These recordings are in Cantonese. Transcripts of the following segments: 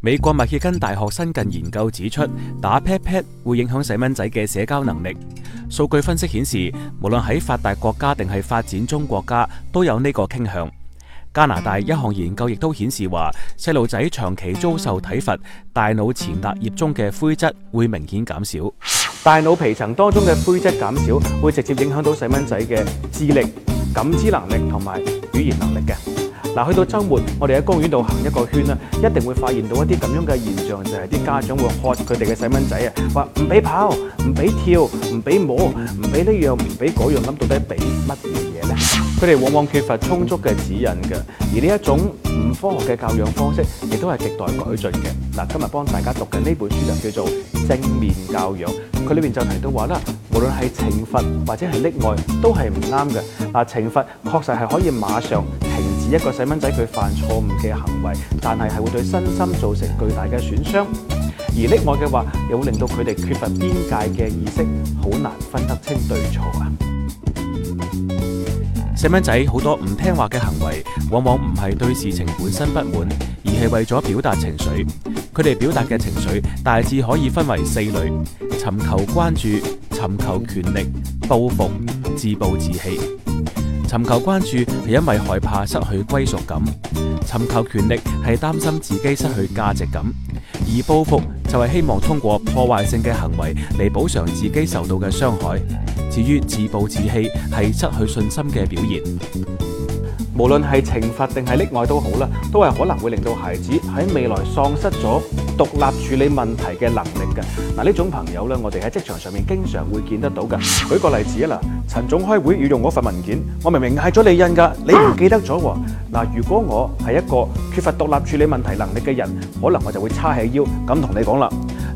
美國密歇根大學新近研究指出，打屁屁會影響細蚊仔嘅社交能力。數據分析顯示，無論喺發達國家定係發展中國家，都有呢個傾向。加拿大一項研究亦都顯示話，細路仔長期遭受體罰，大腦前額葉中嘅灰質會明顯減少。大腦皮層當中嘅灰質減少，會直接影響到細蚊仔嘅智力、感知能力同埋語言能力嘅。嗱，去到周末，我哋喺公園度行一個圈啦，一定會發現到一啲咁樣嘅現象，就係啲家長會喝佢哋嘅細蚊仔啊，話唔俾跑，唔俾跳，唔俾摸，唔俾呢樣，唔俾嗰樣，咁到底俾乜嘢呢？佢哋 往往缺乏充足嘅指引嘅，而呢一種唔科學嘅教養方式，亦都係亟待改進嘅。嗱，今日幫大家讀嘅呢本書就叫做《正面教養》，佢裏邊就提到話啦，無論係懲罰或者係溺愛，都係唔啱嘅。嗱，懲罰確實係可以馬上一個細蚊仔佢犯錯誤嘅行為，但係係會對身心造成巨大嘅損傷。而溺愛嘅話，又會令到佢哋缺乏邊界嘅意識，好難分得清對錯啊！細蚊仔好多唔聽話嘅行為，往往唔係對事情本身不滿，而係為咗表達情緒。佢哋表達嘅情緒大致可以分為四類：尋求關注、尋求權力、報復、自暴自棄。尋求關注係因為害怕失去歸屬感，尋求權力係擔心自己失去價值感，而報復就係希望通過破壞性嘅行為嚟補償自己受到嘅傷害。至於自暴自棄，係失去信心嘅表現。無論係懲罰定係溺愛都好啦，都係可能會令到孩子喺未來喪失咗獨立處理問題嘅能力嘅。嗱，呢種朋友咧，我哋喺職場上面經常會見得到噶。舉個例子啊，嗱，陳總開會要用嗰份文件，我明明嗌咗你印噶，你唔記得咗？嗱，如果我係一個缺乏獨立處理問題能力嘅人，可能我就會叉起腰咁同你講啦：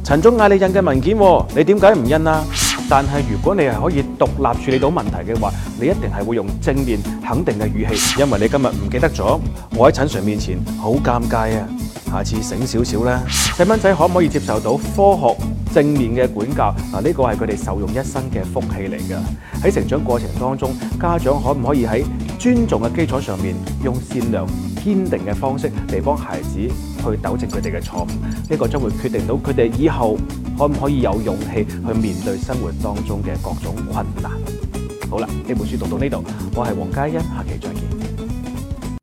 陳總嗌你印嘅文件，你點解唔印啊？但係如果你係可以獨立處理到問題嘅話，你一定係會用正面肯定嘅語氣，因為你今日唔記得咗，我喺陳 Sir 面前好尷尬啊！下次醒少少啦。細蚊仔可唔可以接受到科學正面嘅管教？嗱、啊，呢、這個係佢哋受用一生嘅福氣嚟㗎。喺成長過程當中，家長可唔可以喺尊重嘅基礎上面，用善良、堅定嘅方式嚟幫孩子去糾正佢哋嘅錯誤，呢個將會決定到佢哋以後可唔可以有勇氣去面對生活當中嘅各種困難。好啦，呢本書讀到呢度，我係黃嘉欣，下期再見。